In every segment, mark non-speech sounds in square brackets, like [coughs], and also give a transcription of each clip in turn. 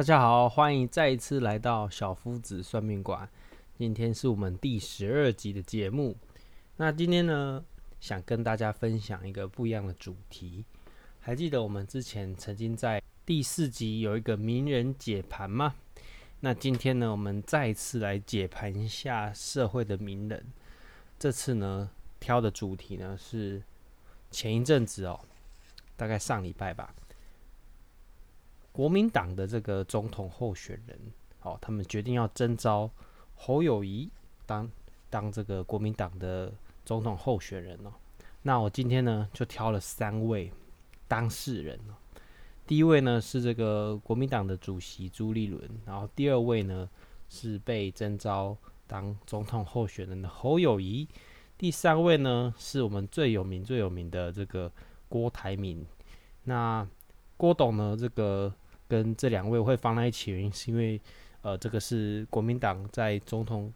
大家好，歡迎再一次來到小夫子算命館。今天是我們第十二集的節目。那今天呢，想跟大家分享一個不一樣的主題。還記得我們之前曾經在第四集有一個名人解盤嗎？那今天呢，我們再次來解盤一下社會的名人。這次呢，挑的主題呢，是前一陣子哦，大概上禮拜吧。國民黨的這個總統候選人，哦，他們決定要徵召侯友宜當當這個國民黨的總統候選人哦。那我今天呢，就挑了三位當事人。第一位呢是這個國民黨的主席朱立倫，然後第二位呢是被徵召當總統候選人的侯友宜，第三位呢是我們最有名最有名的這個郭台銘。那郭董呢，這個。跟這兩位會放在一起，原因是因為，呃，這個是國民黨在總統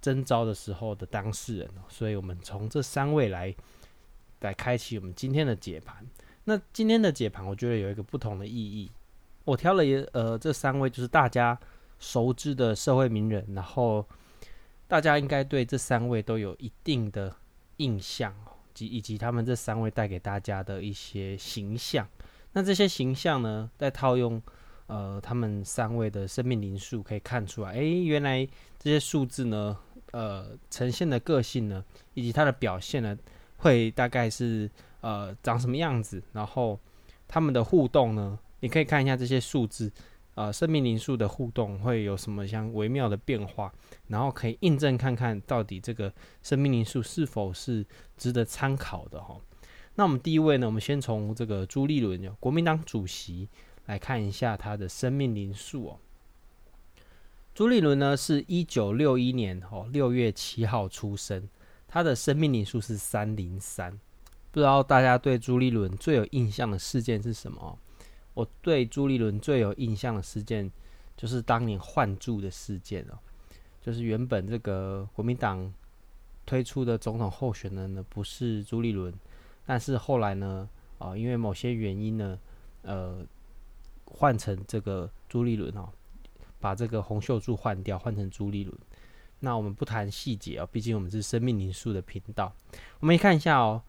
徵召的時候的當事人，所以我們從這三位來來開啟我們今天的解盤。那今天的解盤，我覺得有一個不同的意義。我挑了也呃這三位，就是大家熟知的社會名人，然後大家應該對這三位都有一定的印象，及以及他們這三位帶給大家的一些形象。那這些形象呢，在套用呃他們三位的生命靈數，可以看出來，哎、欸，原來這些數字呢，呃，呈現的個性呢，以及它的表現呢，會大概是呃長什麼樣子，然後他們的互動呢，你可以看一下這些數字，呃，生命靈數的互動會有什麼像微妙的變化，然後可以印證看看到底這個生命靈數是否是值得參考的哈、哦。那我們第一位呢？我們先從這個朱立倫，國民黨主席來看一下他的生命靈數哦。朱立倫呢是1961年哦六月七號出生，他的生命靈數是三零三。不知道大家對朱立倫最有印象的事件是什麼？哦，我對朱立倫最有印象的事件就是當年換柱的事件哦，就是原本這個國民黨推出的總統候選人呢不是朱立倫。但是後來呢，啊、哦，因為某些原因呢，呃，換成這個朱立倫哦，把這個洪秀柱換掉，換成朱立倫。那我們不談細節哦，畢竟我們是生命靈數的頻道。我們一看一下哦，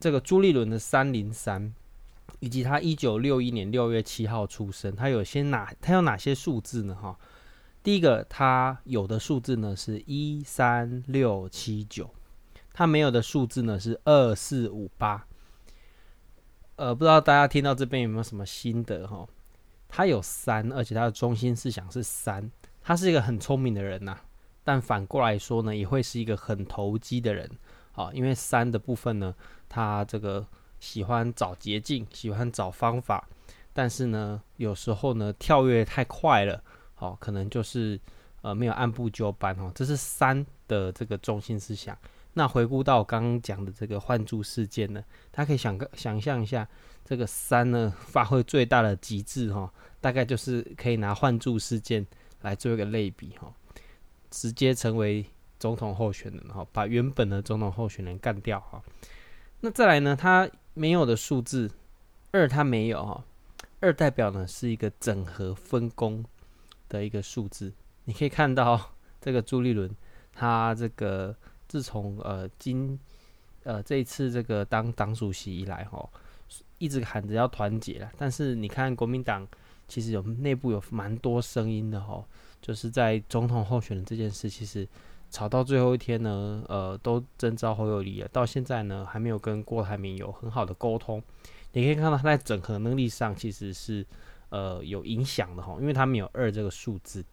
這個朱立倫的三零三，以及他一九六一年六月七號出生，他有些哪，他有哪些數字呢？哈、哦，第一個他有的數字呢是一三六七九。他沒有的數字呢是二四五八，呃，不知道大家聽到這邊有沒有什麼心得哈、哦？他有三，而且他的中心思想是三，他是一個很聰明的人吶、啊，但反過來說呢，也會是一個很投機的人啊、哦，因為三的部分呢，他這個喜歡找捷徑，喜歡找方法，但是呢，有時候呢跳躍太快了，好、哦，可能就是呃沒有按部就班哦，這是三的這個中心思想。那回顧到我剛剛講的這個換柱事件呢，他可以想個想象一下，這個三呢發揮最大的極致哈、哦，大概就是可以拿換柱事件來做一個類比哈、哦，直接成為總統候選人哈、哦，把原本的總統候選人幹掉哈、哦。那再來呢，他沒有的數字二，2他沒有哈、哦，二代表呢是一個整合分工的一個數字，你可以看到這個朱立倫他這個。自從呃，今呃這一次這個當黨主席以來吼，一直喊着要團結啦，但是你看國民黨其實有內部有蠻多聲音的吼，就是在總統候選人這件事，其實吵到最後一天呢，呃，都徵召侯友宜了，到現在呢還沒有跟郭台銘有很好的溝通，你可以看到他在整合能力上其實是呃有影響的吼，因為他沒有二這個數字。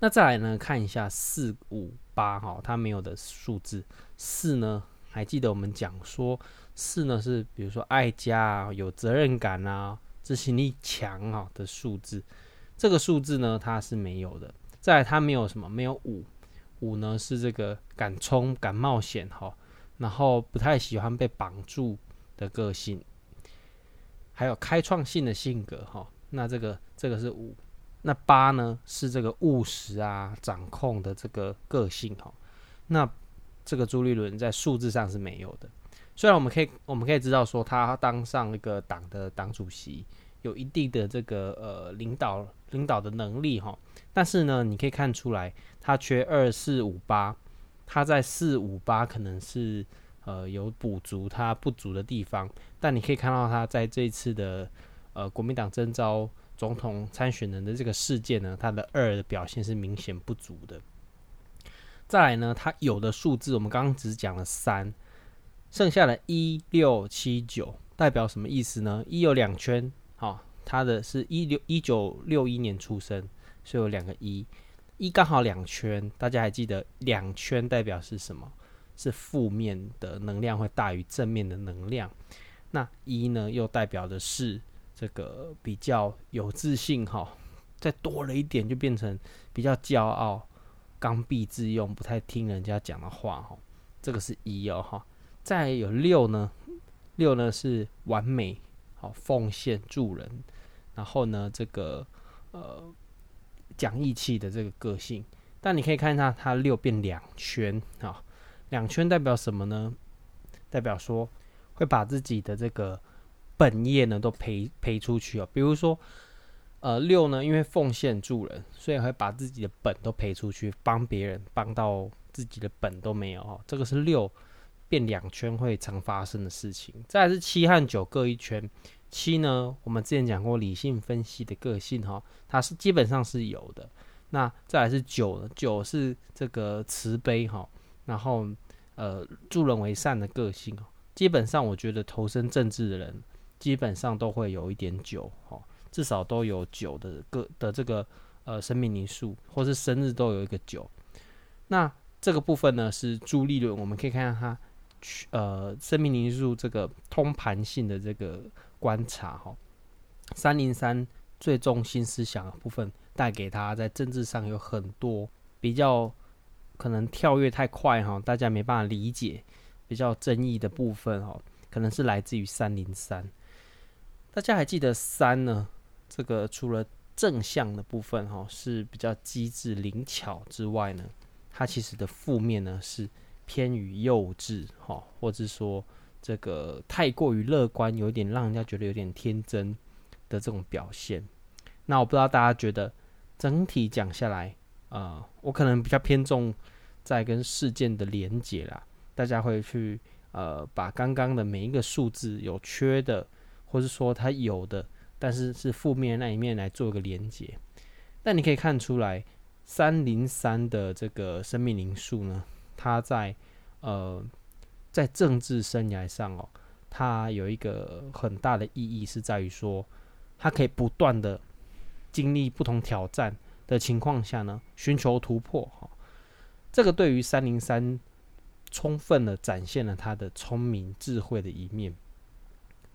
那再來呢，看一下四五八哈，它沒有的數字四呢，還記得我們講說四呢是比如說愛家啊，有責任感啊，執行力強哈、哦、的數字，這個數字呢它是沒有的。再來它沒有什麼沒有五，五呢是這個敢衝敢冒險哈、哦，然後不太喜歡被綁住的個性，還有開創性的性格哈、哦。那這個這個是五。那八呢？是這個務實啊，掌控的這個個性哈、哦，那這個朱立倫在數字上是沒有的。雖然我們可以我們可以知道說他當上那個黨的黨主席，有一定的這個呃領導領導的能力哈、哦。但是呢，你可以看出來他缺二四五八，他在四五八可能是呃有補足他不足的地方。但你可以看到他在這一次的呃國民黨徵召。總統參選人的這個事件呢，他的二的表現是明顯不足的。再來呢，他有的數字我們剛剛只講了三，剩下的一六七九代表什麼意思呢？一有兩圈，好、哦，他的是一六一九六一年出生，所以有兩個一，一剛好兩圈。大家還記得兩圈代表是什麼？是負面的能量會大於正面的能量。那一呢，又代表的是。這個比較有自信哈、哦，再多了一點就變成比較驕傲、剛愎自用，不太聽人家講的話哈、哦。這個是一哦哈、哦，再有六呢，六呢是完美、好奉獻、助人，然後呢這個呃講義氣的這個個性。但你可以看一下，它六變兩圈啊，兩圈代表什麼呢？代表說會把自己的這個。本業呢都賠賠出去哦，比如說，呃六呢，因為奉獻助人，所以會把自己的本都賠出去，幫別人幫到自己的本都沒有哦。這個是六變兩圈會常發生的事情。再來是七和九各一圈，七呢，我們之前講過理性分析的個性哈、哦，它是基本上是有的。那再來是九呢，九是這個慈悲哈、哦，然後呃助人為善的個性哦。基本上我覺得投身政治的人。基本上都會有一點九，至少都有九的個的這個呃生命靈數，或是生日都有一個九。那這個部分呢是朱立倫，我們可以看到他呃生命靈數這個通盤性的這個觀察，哈。三零三最中心思想的部分帶給他在政治上有很多比較可能跳躍太快，哈，大家沒辦法理解，比較爭議的部分，可能是來自於三零三。大家還記得三呢？這個除了正向的部分哈，是比較機智靈巧之外呢，它其實的負面呢是偏於幼稚哈，或者是說這個太過於樂觀，有點讓人家覺得有點天真的這種表現。那我不知道大家覺得整體講下來，呃，我可能比較偏重在跟事件的連結啦，大家會去呃把剛剛的每一個數字有缺的。或者是說他有的，但是是負面那一面來做一個連接。那你可以看出來，三零三的這個生命靈數呢，他在呃在政治生涯上哦，他有一個很大的意義是在於說，他可以不斷的經歷不同挑戰的情況下呢，尋求突破哦，這個對於三零三充分的展現了他的聰明智慧的一面。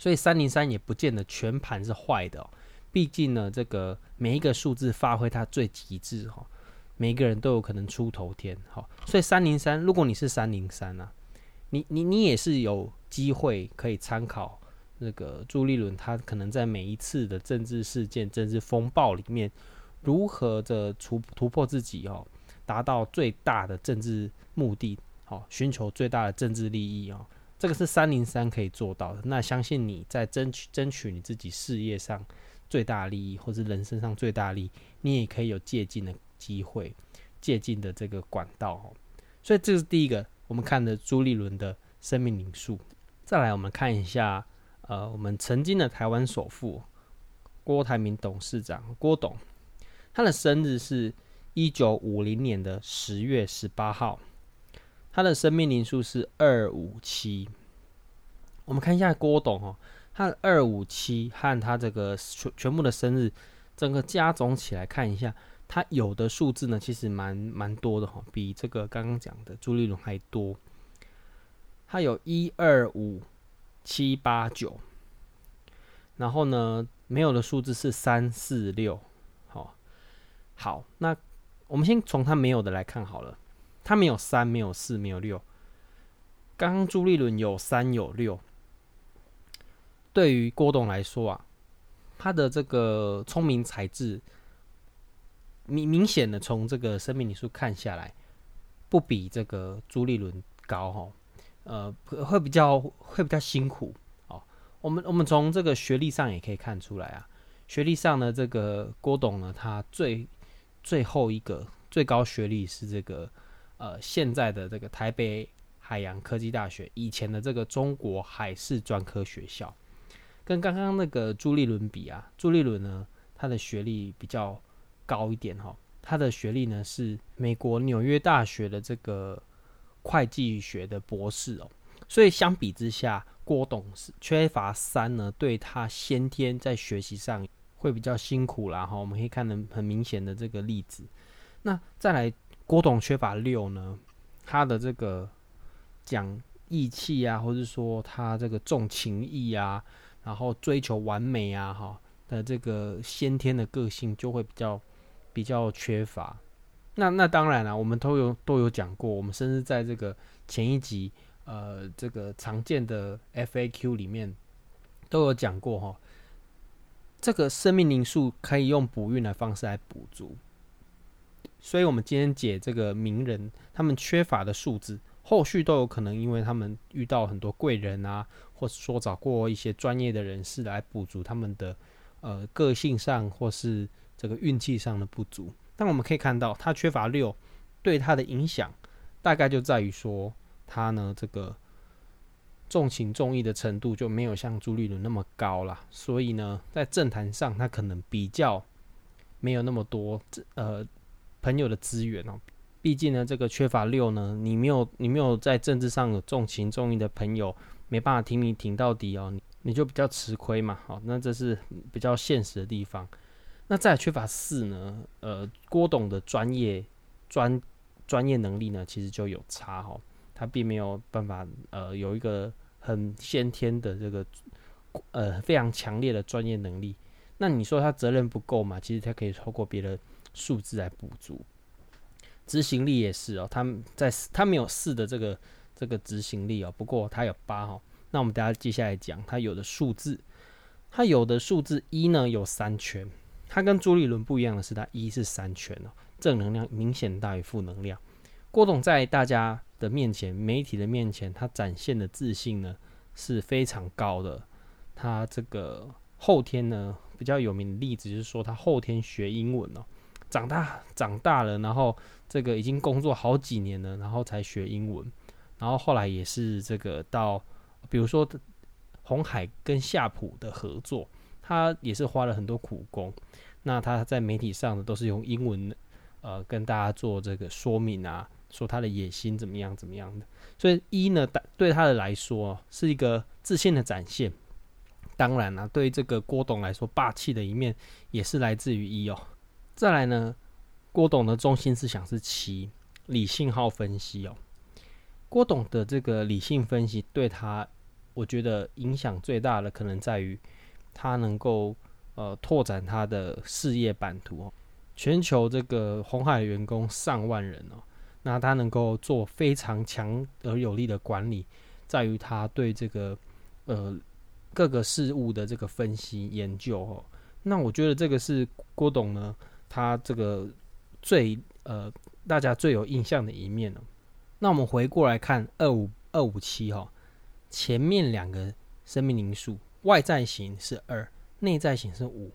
所以三零三也不見得全盤是壞的、哦，畢竟呢，這個每一個數字發揮它最極致哈、哦，每一個人都有可能出頭天哈、哦。所以三零三，如果你是三零三吶，你你你也是有機會可以參考那個朱立倫，他可能在每一次的政治事件、政治風暴裡面，如何的突突破自己哦，達到最大的政治目的，好、哦，尋求最大的政治利益哦。這個是三零三可以做到的，那相信你在爭取爭取你自己事業上最大利益，或者人生上最大利益，你也可以有借進的機會，借進的這個管道哦。所以這是第一個，我們看的朱立倫的生命靈數。再來，我們看一下，呃，我們曾經的台灣首富郭台銘董事長郭董，他的生日是一九五零年的十月十八號。他的生命靈數是二五七，我們看一下郭董哦、喔，他二五七和他這個全全部的生日，整個加總起來看一下，他有的數字呢，其實蠻蠻多的哈、喔，比這個剛剛講的朱立倫還多。他有一二五七八九，然後呢沒有的數字是三四六，好，好，那我們先從他沒有的來看好了。他沒有三，沒有四，沒有六。剛剛朱立倫有三有六。對於郭董來說啊，他的這個聰明才智，明明顯的從這個生命理數看下來，不比這個朱立倫高哈、喔。呃，會比較會比較辛苦哦、喔。我們我們從這個學歷上也可以看出來啊，學歷上的這個郭董呢，他最最後一個最高學歷是這個。呃，現在的這個台北海洋科技大學，以前的這個中國海事專科學校，跟剛剛那個朱立倫比啊，朱立倫呢，他的學歷比較高一點哦，他的學歷呢是美國紐約大學的這個會計學的博士哦，所以相比之下，郭董是缺乏三呢，對他先天在學習上會比較辛苦啦哈、哦，我們可以看得很明顯的這個例子，那再來。郭董缺乏六呢，他的這個講義氣啊，或者是說他這個重情義啊，然後追求完美啊、哦，哈的這個先天的個性就會比較比較缺乏。那那當然啦、啊，我們都有都有講過，我們甚至在這個前一集，呃，這個常見的 FAQ 裡面都有講過哈、哦，這個生命靈數可以用補運的方式來補足。所以，我們今天解這個名人，他們缺乏的數字，後續都有可能，因為他們遇到很多貴人啊，或者說找過一些專業的人士來補足他們的呃個性上或是這個運氣上的不足。但我們可以看到，他缺乏六對他的影響，大概就在於說，他呢這個重情重義的程度就沒有像朱立倫那麼高了。所以呢，在政壇上，他可能比較沒有那麼多呃。朋友的資源哦，畢竟呢，這個缺乏六呢，你沒有你沒有在政治上有重情重義的朋友，沒辦法挺你挺到底哦，你你就比較吃虧嘛。好、哦，那這是比較現實的地方。那再來缺乏四呢？呃，郭董的專業專專業能力呢，其實就有差哈、哦，他並沒有辦法呃有一個很先天的這個呃非常強烈的專業能力。那你說他責任不夠嘛？其實他可以透過別的。數字來補足，執行力也是哦、喔。他在他沒有四的這個這個執行力哦、喔，不過他有八哦、喔。那我們等下接下來講他有的數字，他有的數字一呢，有三圈。他跟朱立倫不一樣的是，他一是三圈哦，正能量明顯大於負能量。郭董在大家的面前、媒體的面前，他展現的自信呢是非常高的。他這個後天呢比較有名的例子就是說，他後天學英文哦、喔。長大長大了，然後這個已經工作好幾年了，然後才學英文，然後後來也是這個到，比如說鴻海跟夏普的合作，他也是花了很多苦功。那他在媒體上呢，都是用英文呃跟大家做這個說明啊，說他的野心怎麼樣怎麼樣的。所以一呢，對他的來說是一個自信的展現。當然了啊，對這個郭董來說，霸氣的一面也是來自於一哦。再來呢，郭董，的中心思想是七理性號分析哦。郭董的這個理性分析對他，我覺得影響最大的可能在於他能夠呃拓展他的事業版圖哦。全球這個鴻海員工上萬人哦，那他能夠做非常強而有力的管理，在於他對這個呃各個事物的這個分析研究哦。那我覺得這個是郭董呢。他這個最呃，大家最有印象的一面了、哦。那我們回過來看二五二五七哈，前面兩個生命靈數，外在型是二，內在型是五。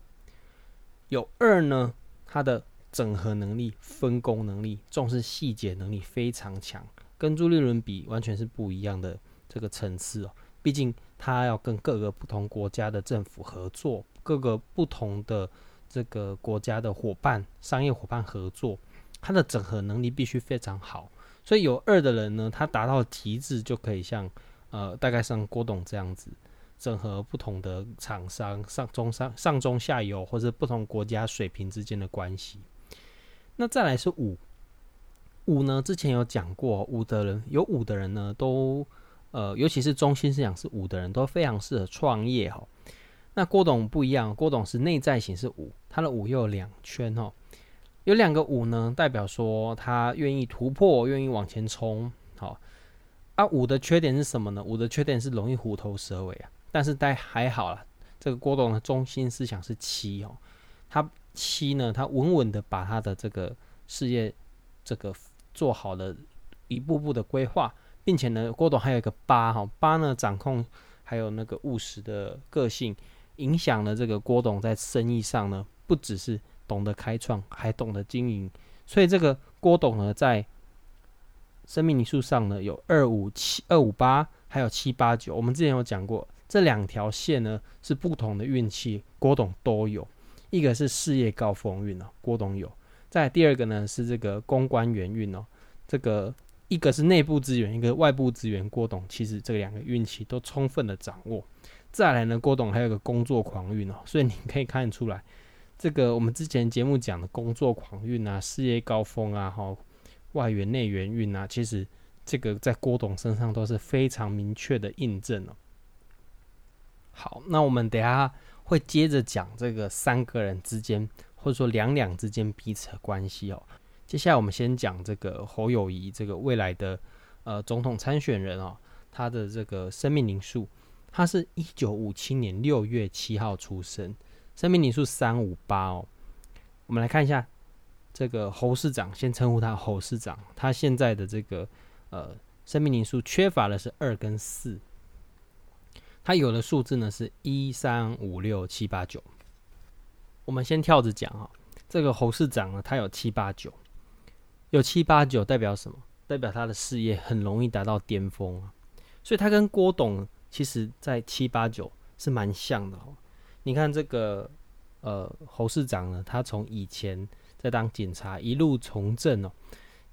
有二呢，它的整合能力、分工能力、重視細節能力非常強，跟朱立倫比完全是不一樣的這個層次哦。畢竟他要跟各個不同國家的政府合作，各個不同的。這個國家的夥伴、商業夥伴合作，他的整合能力必須非常好。所以有二的人呢，他達到極致就可以像，呃，大概像郭董這樣子，整合不同的廠商、上中上中，上中下游，或者不同國家水平之間的關係。那再來是五，五呢，之前有講過，五的人有五的人呢，都呃，尤其是中心思想是五的人，都非常適合創業哈、哦。那郭董不一樣，郭董是內在型是五，他的五又有兩圈哦，有兩個五呢，代表說他願意突破，願意往前衝。好、哦，啊五的缺點是什麼呢？五的缺點是容易虎頭蛇尾啊，但是但還好啦，這個郭董的中心思想是七哦，他七呢，他穩穩的把他的這個事業這個做好了，一步步的規劃，並且呢，郭董還有一個八哈、哦，八呢掌控，還有那個務實的個性。影響了這個郭董在生意上呢，不只是懂得開創，還懂得經營。所以這個郭董呢，在生命靈數上呢，有二五七、二五八，還有七八九。我們之前有講過，這兩條線呢是不同的運氣，郭董都有。一個是事業高峰運哦，郭董有；再第二個呢是這個公關元運哦，這個一個是內部資源，一個外部資源，郭董其實這兩個運氣都充分的掌握。再來呢，郭董還有個工作狂運哦，所以你可以看出來，這個我們之前節目講的工作狂運啊，事業高峰啊，哦、外緣內緣運啊，其實這個在郭董身上都是非常明確的印證哦。好，那我們等下會接着講這個三個人之間，或者說兩兩之間彼此的關係哦。接下來我們先講這個侯友宜，這個未來的呃總統參選人哦，他的這個生命靈數。他是一九五七年六月七號出生，生命靈數三五八哦。我們來看一下這個侯市長，先稱呼他侯市長。他現在的這個呃生命靈數缺乏的是二跟四，他有的數字呢是一三五六七八九。我們先跳着講哈，這個侯市長呢，他有七八九，有七八九代表什麼？代表他的事業很容易達到巔峰啊。所以他跟郭董。其實，在七八九是蠻像的哦，你看這個，呃，侯市長呢，他從以前在當警察一路從政哦，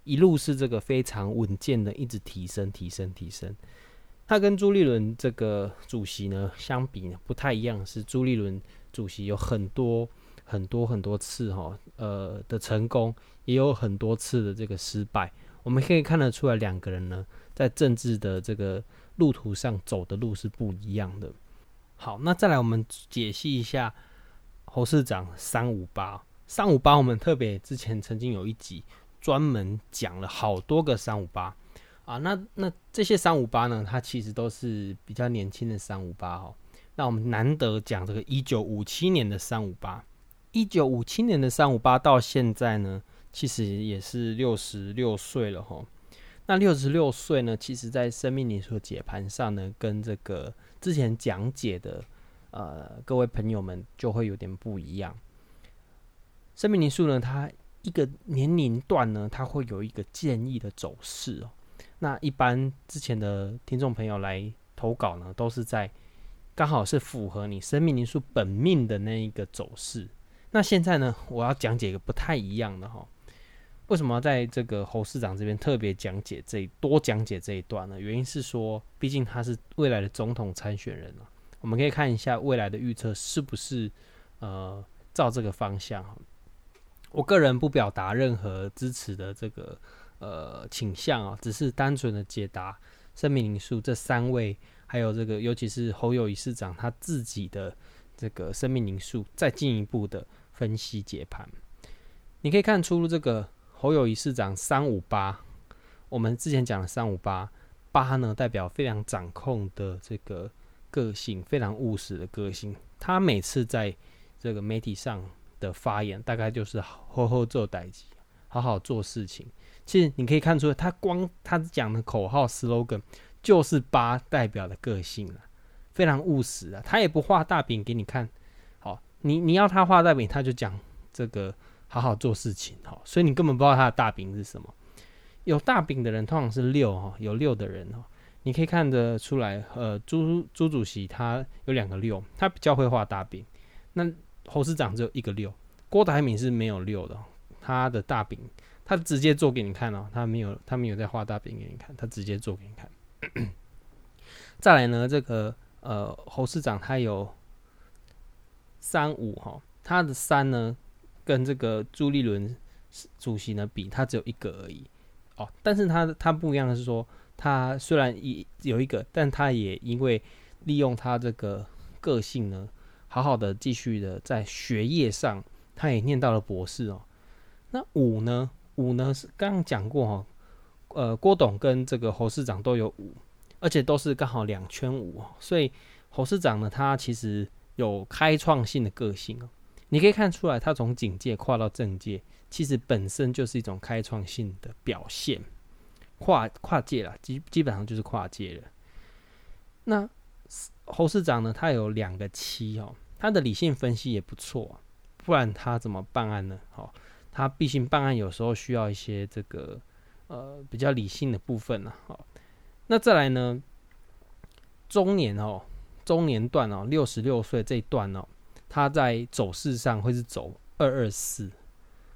一路是這個非常穩健的，一直提升、提升、提升。他跟朱立倫這個主席呢相比呢，不太一樣，是朱立倫主席有很多、很多、很多次哈、哦，呃的成功，也有很多次的這個失敗。我們可以看得出來，兩個人呢。在政治的這個路途上走的路是不一樣的。好，那再來我們解析一下侯市長三五八三五八。我們特別之前曾經有一集專門講了好多個三五八啊。那那這些三五八呢，它其實都是比較年輕的三五八哦，那我們難得講這個一九五七年的三五八，一九五七年的三五八到現在呢，其實也是六十六歲了吼。那六十六歲呢？其實，在生命靈數解盤上呢，跟這個之前講解的呃，各位朋友們就會有點不一樣。生命靈數呢，它一個年齡段呢，它會有一個建議的走勢哦。那一般之前的聽眾朋友來投稿呢，都是在剛好是符合你生命靈數本命的那一個走勢。那現在呢，我要講解一個不太一樣的哈。為什麼要在這個侯市長這邊特別講解這多講解這一段呢？原因是說，畢竟他是未來的總統參選人啊，我們可以看一下未來的預測是不是，呃，照這個方向。我個人不表達任何支持的這個呃傾向啊，只是單純的解答生命靈數這三位，還有這個尤其是侯友宜市長他自己的這個生命靈數，再進一步的分析解盤。你可以看出這個。侯友宜市長三五八，我們之前講的三五八八呢，代表非常掌控的這個個性，非常務實的個性。他每次在這個媒體上的發言，大概就是好好做代誌，好好做事情。其實你可以看出，他光他講的口號 slogan 就是八代表的個性了，非常務實啊。他也不畫大餅給你看，好，你你要他畫大餅，他就講這個。好好做事情，哈，所以你根本不知道他的大餅是什麼。有大餅的人通常是六哈，有六的人哈，你可以看得出來。呃，朱朱主席他有兩個六，他比較會畫大餅。那侯市長只有一個六，郭台銘是沒有六的。他的大餅，他直接做給你看哦，他沒有，他沒有在畫大餅給你看，他直接做給你看。 [coughs] 再來呢，這個呃，侯市長他有三五哈，他的三呢。跟這個朱立倫主席呢，比，他只有一個而已哦。但是他他不一樣的是說，他雖然一有一個，但他也因為利用他這個個性呢，好好的繼續的在學業上，他也念到了博士哦。那五呢？五呢是剛剛講過哈、哦，呃，郭董跟這個侯市長都有五，而且都是剛好兩圈五哦。所以侯市長呢，他其實有開創性的個性哦。你可以看出來，他從警界跨到政界，其實本身就是一種開創性的表現，跨跨界了，基基本上就是跨界了。那侯市長呢？他有兩個七哦，他的理性分析也不錯，不然他怎麼辦案呢？好、哦，他畢竟辦案有時候需要一些這個呃比較理性的部分呢、啊。好、哦，那再來呢？中年哦，中年段哦，六十六歲這一段哦。他在走勢上會是走二二四，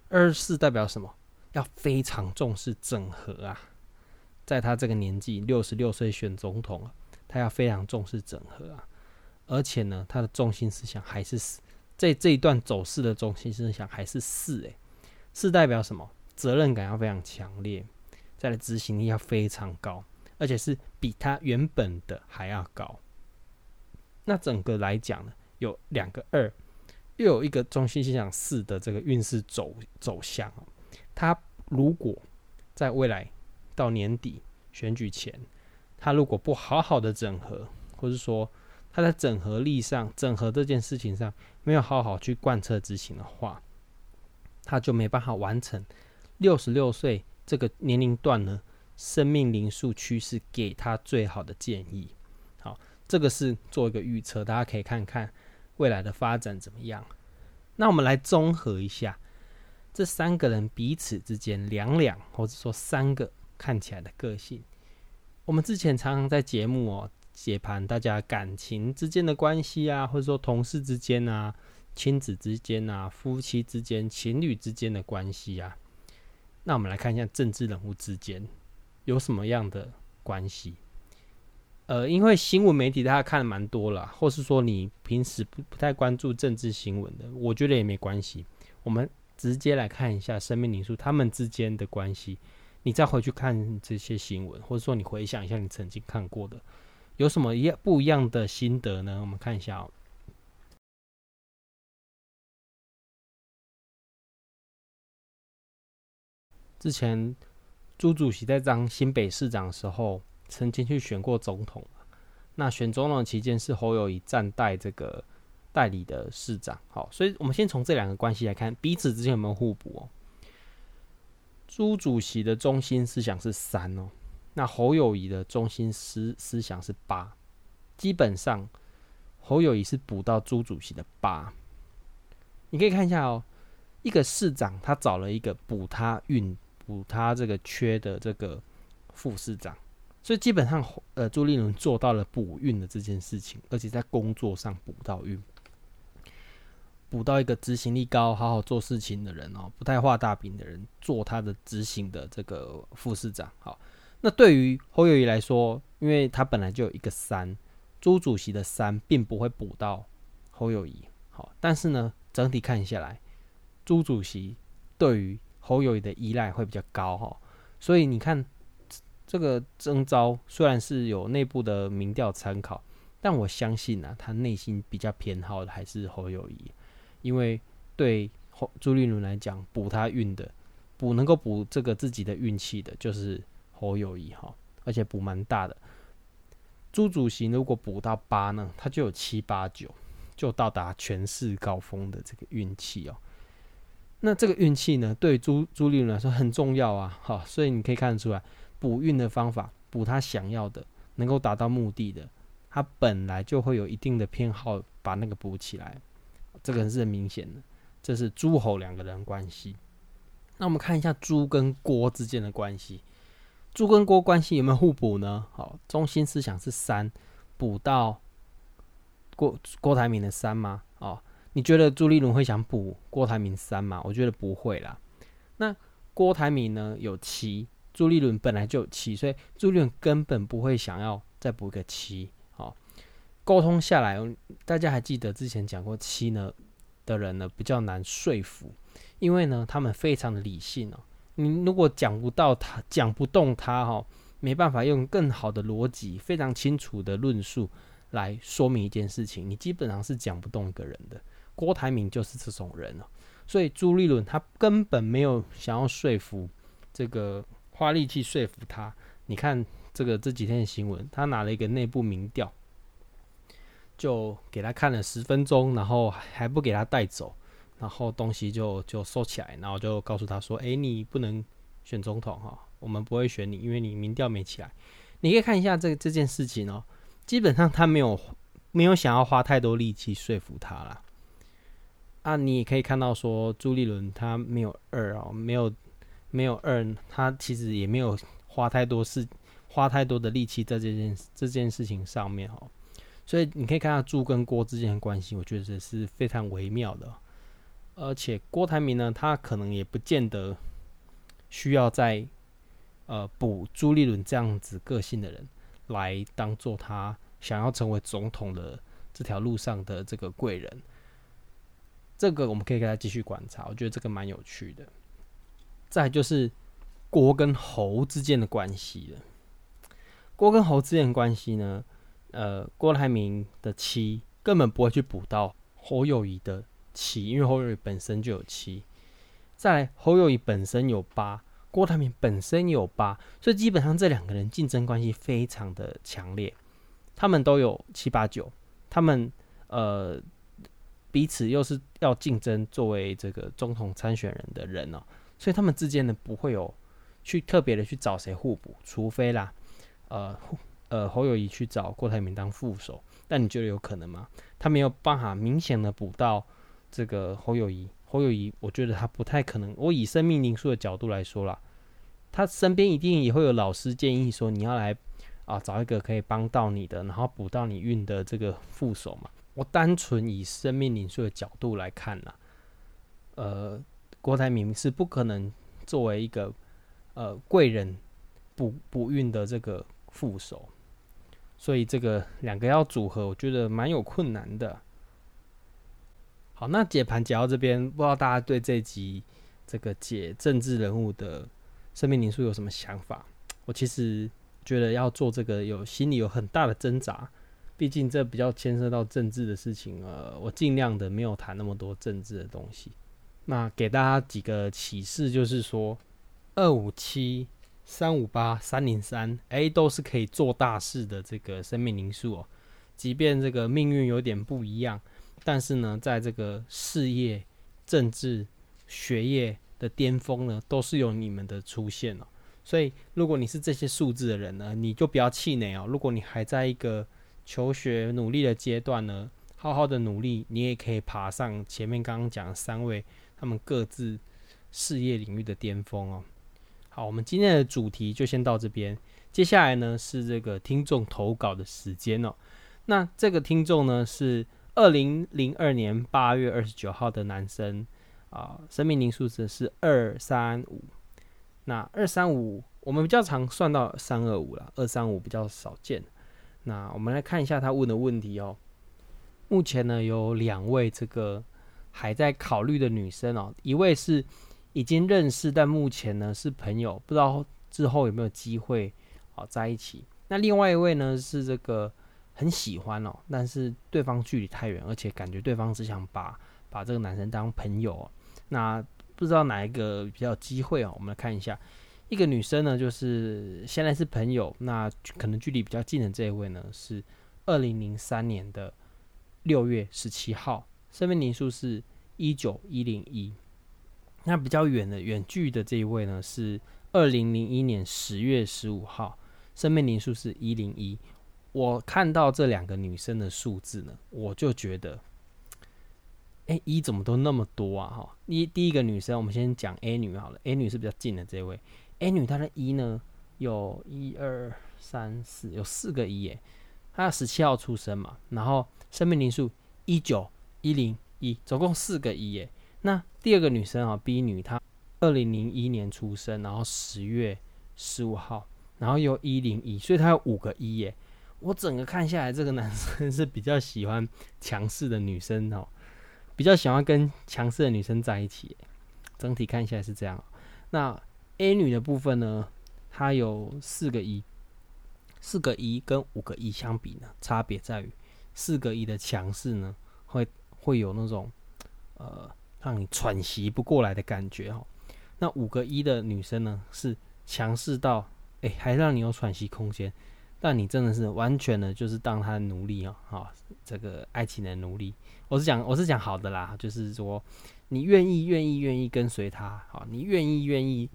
二二四代表什麼？要非常重視整合啊！在他這個年紀，六十六歲選總統啊，他要非常重視整合啊！而且呢，他的重心思想還是四。這這一段走勢的重心思想還是四、欸。誒，是代表什麼？責任感要非常強烈，再來執行力要非常高，而且是比他原本的還要高。那整個來講呢？有兩個二，又有一個中心思想四的這個運勢走走向，他如果在未來到年底選舉前，他如果不好好的整合，或是說他在整合力上，整合這件事情上沒有好好去貫徹執行的話，他就沒辦法完成六十六歲這個年齡段呢，生命靈數趨勢給他最好的建議。好，這個是做一個預測，大家可以看看。未來的發展怎麼樣？那我們來綜合一下這三個人彼此之間兩兩，或者說三個看起來的個性。我們之前常常在節目哦解盤大家感情之間的關係啊，或者說同事之間啊、親子之間啊、夫妻之間、情侶之間的關係啊。那我們來看一下政治人物之間有什麼樣的關係。呃，因為新聞媒體大家看的蠻多了，或是說你平時不不太關注政治新聞的，我覺得也沒關係。我們直接來看一下生命靈數他們之間的關係，你再回去看這些新聞，或者說你回想一下你曾經看過的，有什麼一不一樣的心得呢？我們看一下哦。之前朱主席在當新北市長的時候。曾經去選過總統，那選總統的期間是侯友宜暫代這個代理的市長。好，所以我們先從這兩個關係來看，彼此之間有沒有互補、哦？朱主席的中心思想是三哦，那侯友宜的中心思思想是八，基本上侯友宜是補到朱主席的八。你可以看一下哦，一個市長他找了一個補他運補他這個缺的這個副市長。所以基本上，呃，朱立倫做到了補運的這件事情，而且在工作上補到運，補到一個執行力高、好好做事情的人哦，不太畫大餅的人，做他的執行的這個副市長。好，那對於侯友宜來說，因為他本來就有一個山，朱主席的山並不會補到侯友宜。好，但是呢，整體看下來，朱主席對於侯友宜的依賴會比較高哈、哦。所以你看。這個徵召雖然是有內部的民調參考，但我相信啊，他內心比較偏好的還是侯友宜，因為對朱立倫來講，補他運的，補能夠補這個自己的運氣的，就是侯友宜哈，而且補蠻大的。朱主席如果補到八呢，他就有七八九，就到達全市高峰的這個運氣哦。那這個運氣呢，對朱朱立倫來說很重要啊，哈，所以你可以看得出來。補運的方法，補他想要的，能夠達到目的的，他本來就會有一定的偏好，把那個補起來，這個是很明顯的。這是朱侯兩個人關係。那我們看一下朱跟郭之間的關係，朱跟郭關係有沒有互補呢？好、哦，中心思想是三，補到郭郭台銘的三嗎？哦，你覺得朱立倫會想補郭台銘三嗎？我覺得不會啦。那郭台銘呢？有七。朱立倫本來就有七，所以朱立倫根本不會想要再補個七。好、喔，溝通下來，大家還記得之前講過七呢的人呢比較難說服，因為呢他們非常的理性哦、喔。你如果講不到他，講不動他哈、喔，沒辦法用更好的邏輯、非常清楚的論述來說明一件事情，你基本上是講不動一個人的。郭台銘就是這種人哦、喔，所以朱立倫他根本沒有想要說服這個。花力氣說服他，你看這個這幾天的新聞，他拿了一個內部民調，就給他看了十分鐘，然後還不給他帶走，然後東西就就收起來，然後就告訴他說：“哎，你不能選總統哈，我們不會選你，因為你民調沒起來。”你可以看一下這個這件事情哦，基本上他沒有沒有想要花太多力氣說服他了。啊，你也可以看到說，朱立倫他沒有二啊，沒有。沒有二，他其實也沒有花太多事，花太多的力氣在這件這件事情上面，所以你可以看到朱跟郭之間的關係，我覺得是非常微妙的。而且郭台銘呢，他可能也不見得需要再呃補朱立倫這樣子個性的人來當做他想要成為總統的這條路上的這個貴人。這個我們可以給他繼續觀察，我覺得這個蠻有趣的。再來就是郭跟侯之間的關係了。郭跟侯之間的關係呢，呃，郭台銘的七根本不會去補到侯友宜的七，因為侯友宜本身就有七。再來侯友宜本身有八，郭台銘本身有八，所以基本上這兩個人競爭關係非常的強烈。他們都有七八九，他們呃彼此又是要競爭作為這個總統參選人的人哦、喔。所以他們之間呢，不會有去特別的去找誰互補，除非啦，呃，呃，侯友宜去找郭台銘當副手，但你覺得有可能嗎？他沒有辦法明顯的補到這個侯友宜，侯友宜，我覺得他不太可能。我以生命靈數的角度來說啦，他身邊一定也會有老師建議說你要來啊找一個可以幫到你的，然後補到你運的這個副手嘛。我單純以生命靈數的角度來看啦，呃。郭台銘是不可能作為一個呃貴人補補運的這個副手，所以這個兩個要組合，我覺得蠻有困難的。好，那解盤解到這邊，不知道大家對這集這個解政治人物的生命靈數有什麼想法？我其實覺得要做這個有心裡有很大的掙扎，畢竟這比較牽涉到政治的事情。呃，我盡量的沒有談那麼多政治的東西。那給大家幾個啟示，就是說，二五七、三五八、三零三，哎，都是可以做大事的這個生命靈數哦。即便這個命運有點不一樣，但是呢，在這個事業、政治、學業的巔峰呢，都是有你們的出現哦。所以，如果你是這些數字的人呢，你就不要氣餒哦。如果你還在一個求學努力的階段呢，好好的努力，你也可以爬上前面剛剛講的三位。他們各自事業領域的巔峰哦。好，我們今天的主題就先到這邊。接下來呢，是這個聽眾投稿的時間哦。那這個聽眾呢是二零零二年八月二十九號的男生啊，呃，生命靈數字是二三五。那二三五我們比較常算到三二五了，二三五比較少見。那我們來看一下他問的問題哦。目前呢有兩位這個。還在考慮的女生哦，一位是已經認識，但目前呢是朋友，不知道之後有沒有機會哦在一起。那另外一位呢是這個很喜歡哦，但是對方距離太遠，而且感覺對方只想把把這個男生當朋友哦。那不知道哪一個比較有機會哦？我們來看一下，一個女生呢就是現在是朋友，那可能距離比較近的這一位呢是二零零三年的六月十七號。生命靈數是一九一零一，那比較遠的遠距的這一位呢是二零零一年十月十五號，生命靈數是一零一。我看到這兩個女生的數字呢，我就覺得，哎、欸，一、e、怎麼都那麼多啊！哈，一第一個女生，我們先講 A 女好了。A 女是比較近的這一位，A 女她的“一”呢，有一二三四，有四個一。耶。她十七號出生嘛，然後生命靈數一九。一零一，總共四個一耶。那第二個女生啊，B 女，她二零零一年出生，然後十月十五號，然後又101，所以她有五個一耶。我整個看下來，這個男生是比較喜歡強勢的女生哦，比較喜歡跟強勢的女生在一起。整體看下來是這樣。那 A 女的部分呢，她有四個一，四個一跟五個一相比呢，差別在於四個一的強勢呢會。會有那種，呃，讓你喘息不過來的感覺哈、哦。那五個一的女生呢，是強勢到哎，還讓你有喘息空間，但你真的是完全的，就是當她的奴隸哦，哈、哦，這個愛情的奴隸。我是講，我是講好的啦，就是說你願意，願意，願意跟隨她。好、哦，你願意，願意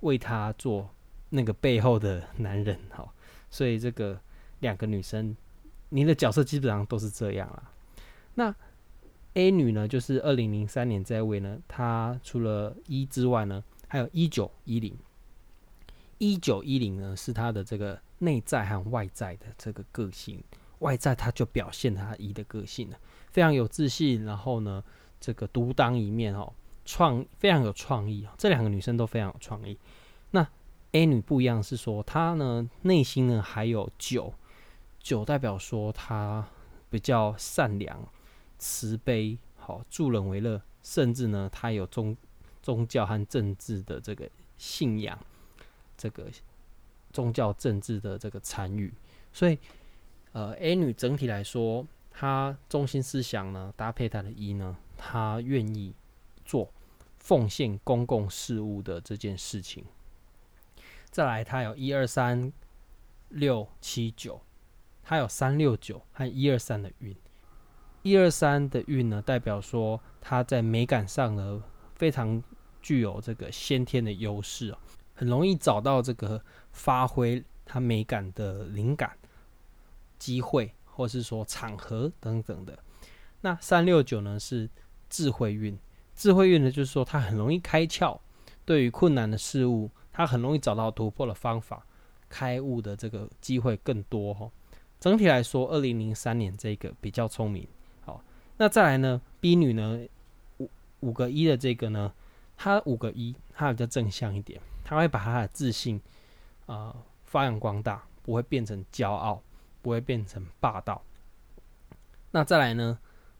為她做那個背後的男人，好、哦，所以這個兩個女生，你的角色基本上都是這樣啦。那。A 女呢，就是二零零三年這一位呢，她除了一之外呢，還有一九一零，一九一零呢是她的這個內在和外在的這個個性，外在她就表現她一的個性了，非常有自信，然後呢，這個獨當一面哦，創非常有創意哦，這兩個女生都非常有創意。那 A 女不一樣是說，她呢內心呢還有九，九代表說她比較善良。慈悲好，助人為樂，甚至呢，他有宗宗教和政治的這個信仰，這個宗教政治的這個參與，所以，呃，A 女整體來說，她中心思想呢，搭配她的一呢，她願意做奉獻公共事務的這件事情。再來，他有一二三六七九，他有三六九和一二三的運。一二三的運呢，代表說它在美感上呢非常具有這個先天的優勢哦，很容易找到這個發揮它美感的靈感、機會，或是說場合等等的。那三六九呢是智慧運，智慧運呢就是說它很容易開竅，對於困難的事物，它很容易找到突破的方法，開悟的這個機會更多哈、哦。整體來說，二零零三年這個比較聰明。那再來呢？B 女呢？五五個一的這個呢，她五個一，她比較正向一點，她會把她的自信啊、呃、發揚光大，不會變成驕傲，不會變成霸道。那再來呢？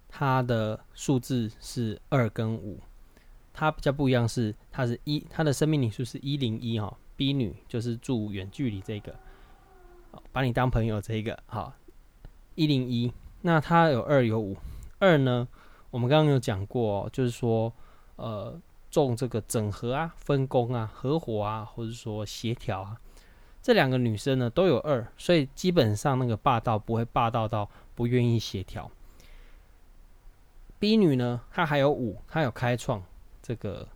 她的數字是二跟五，她比較不一樣是，她是一，她的生命靈數是一零一哈。B 女就是住遠距離這個，把你當朋友這個好一零一，101，那她有二有五。二呢，我們剛剛有講過哦，就是說，呃，重這個整合啊、分工啊、合夥啊，或者說協調啊，這兩個女生呢都有二，所以基本上那個霸道不會霸道到不願意協調。B 女呢，她還有五，她有開創這個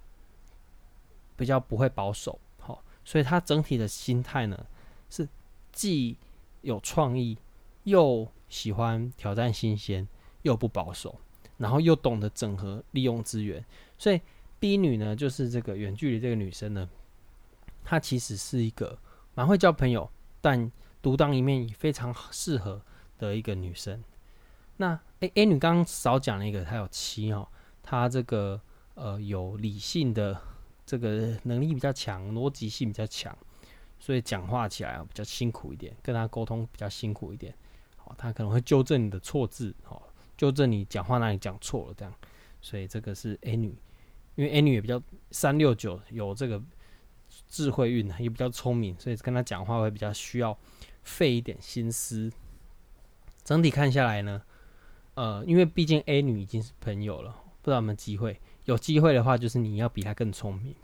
比較不會保守哦，所以她整體的心態呢是既有創意又喜歡挑戰新鮮。又不保守，然後又懂得整合利用資源，所以 B 女呢，就是這個遠距離這個女生呢，她其實是一個蠻會交朋友，但獨當一面也非常適合的一個女生。那 A A 女剛剛少講了一個，她有七哦，她這個呃有理性的這個能力比較強，邏輯性比較強，所以講話起來啊，比較辛苦一點，跟她溝通比較辛苦一點。好、哦，她可能會糾正你的錯字哦。糾正你講話，那裡講錯了，這樣，所以這個是 A 女，因為 A 女也比較三六九有這個智慧運，也比較聰明，所以跟她講話會比較需要費一點心思。整體看下來呢，呃，因為畢竟 A 女已經是朋友了，不知道有沒有機會。有機會的話，就是你要比她更聰明。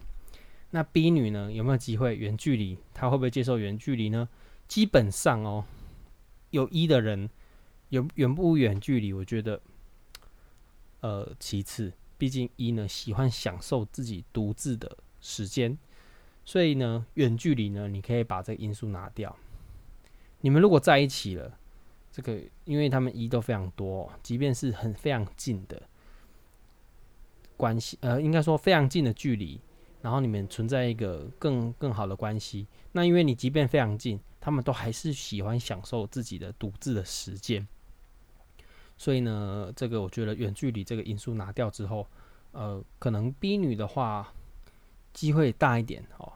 那 B 女呢，有沒有機會？遠距離，她會不會接受遠距離呢？基本上哦，有一的人。遠遠不遠距離，我覺得，呃，其次，畢竟一呢喜歡享受自己獨自的時間，所以呢，遠距離呢，你可以把這個因素拿掉。你們如果在一起了，這個，因為他們一都非常多，即便是很非常近的關係，呃，應該說非常近的距離，然後你們存在一個更更好的關係，那因為你即便非常近，他們都還是喜歡享受自己的獨自的時間。所以呢，這個我覺得遠距離這個因素拿掉之後，呃，可能 B 女的話機會大一點哦。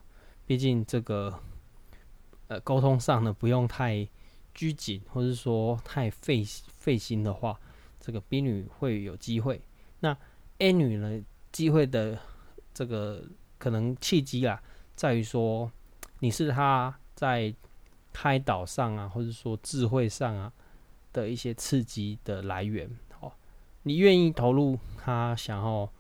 畢竟這個呃溝通上呢不用太拘謹，或是說太費費心的話，這個 B 女會有機會。那 A 女呢，機會的這個可能契機啦，在於說你是她在開導上啊，或者說智慧上啊。的一些刺激的來源，哦，你願意投入他想要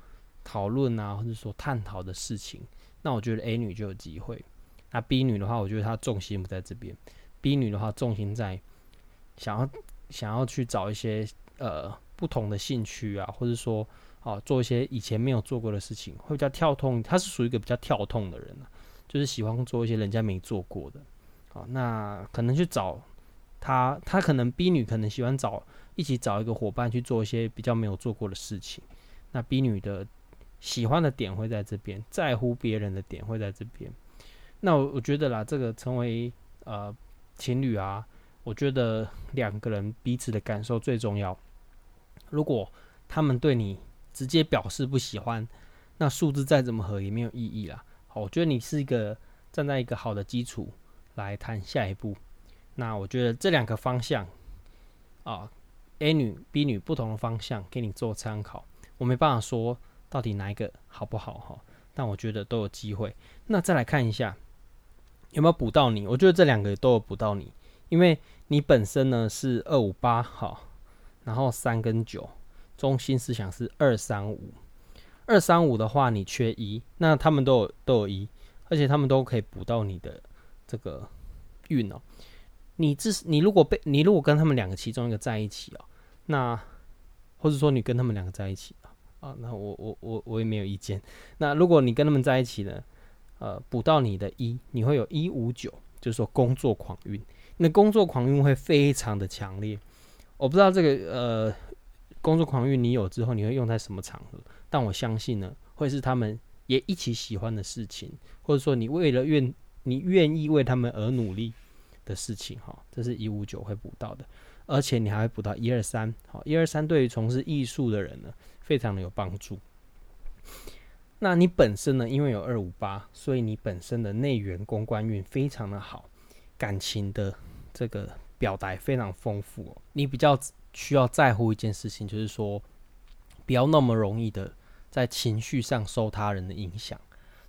討論啊，或者說探討的事情，那我覺得 A 女就有機會。那 B 女的話，我覺得她重心不在這邊，B 女的話重心在想要想要去找一些呃不同的興趣啊，或者說啊做一些以前沒有做過的事情，會比較跳痛。她是屬於一個比較跳痛的人啊，就是喜歡做一些人家沒做過的。啊，那可能去找。他他可能 B 女可能喜歡找一起找一個夥伴去做一些比較沒有做過的事情，那 B 女的喜歡的點會在這邊，在乎別人的點會在這邊。那我我覺得啦，這個成為呃情侶啊，我覺得兩個人彼此的感受最重要。如果他們對你直接表示不喜歡，那數字再怎麼合也沒有意義啦。好，我覺得你是一個站在一個好的基礎來談下一步。那我覺得這兩個方向啊，A 女、B 女，不同的方向給你做參考。我沒辦法說到底哪一個好不好哈，但我覺得都有機會。那再來看一下有沒有補到你？我覺得這兩個都有補到你，因為你本身呢是二五八哈，然後三跟九，中心思想是二三五。二三五的話，你缺一，那他們都有都有一，而且他們都可以補到你的這個運哦。你自，你如果被你如果跟他們兩個其中一個在一起哦，那或者說你跟他們兩個在一起啊，那我我我我也沒有意見。那如果你跟他們在一起呢，呃，補到你的一，你會有一五九，就是說工作狂運，那工作狂運會非常的強烈。我不知道這個呃工作狂運你有之後你會用在什麼場合，但我相信呢，會是他們也一起喜歡的事情，或者說你為了願你願意為他們而努力的事情哈，這是一五九會補到的，而且你還會補到一二三。好，一二三對於從事藝術的人呢，非常的有幫助。那你本身呢，因為有二五八，所以你本身的內緣公關運非常的好，感情的這個表達非常豐富喔，你比較需要在乎一件事情，就是說不要那麼容易的在情緒上受他人的影響。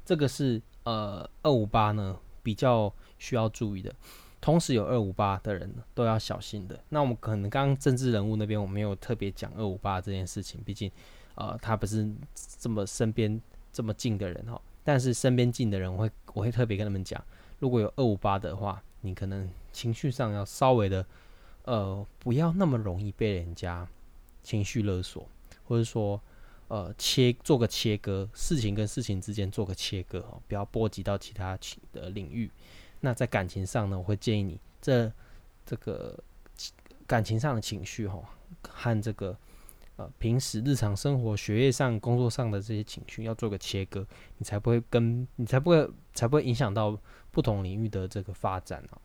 這個是呃二五八呢比較需要注意的。同時有二五八的人都要小心的。那我們可能剛剛政治人物那邊我沒有特別講二五八這件事情，畢竟，呃，他不是這麼身邊這麼近的人哈。但是身邊近的人我，我會我會特別跟他們講，如果有二五八的話，你可能情緒上要稍微的，呃，不要那麼容易被人家情緒勒索，或者說，呃，切做個切割，事情跟事情之間做個切割哈，不要波及到其他情的領域。那在感情上呢，我會建議你，這這個感情上的情緒齁，和這個呃平時日常生活、學業上、工作上的這些情緒，要做個切割，你才不會跟，你才不會，才不會影響到不同領域的這個發展啊。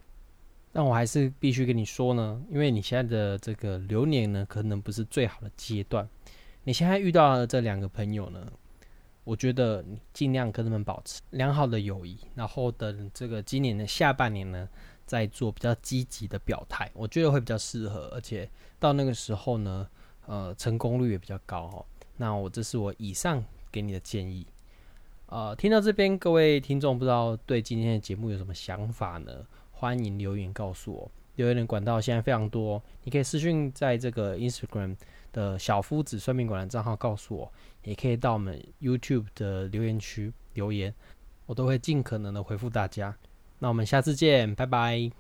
但我還是必須跟你說呢，因為你現在的這個流年呢，可能不是最好的階段。你現在遇到的這兩個朋友呢，我覺得你盡量跟他們保持良好的友誼，然後等這個今年的下半年呢，再做比較積極的表態，我覺得會比較適合，而且到那個時候呢，呃，成功率也比較高哦，那我這是我以上給你的建議。呃，聽到這邊各位聽眾，不知道對今天的節目有什麼想法呢？歡迎留言告訴我，留言的管道現在非常多，你可以私訊在這個 Instagram 的小夫子算命館的賬號告訴我。也可以到我們 YouTube 的留言區留言，我都會盡可能的回復大家。那我們下次見，拜拜。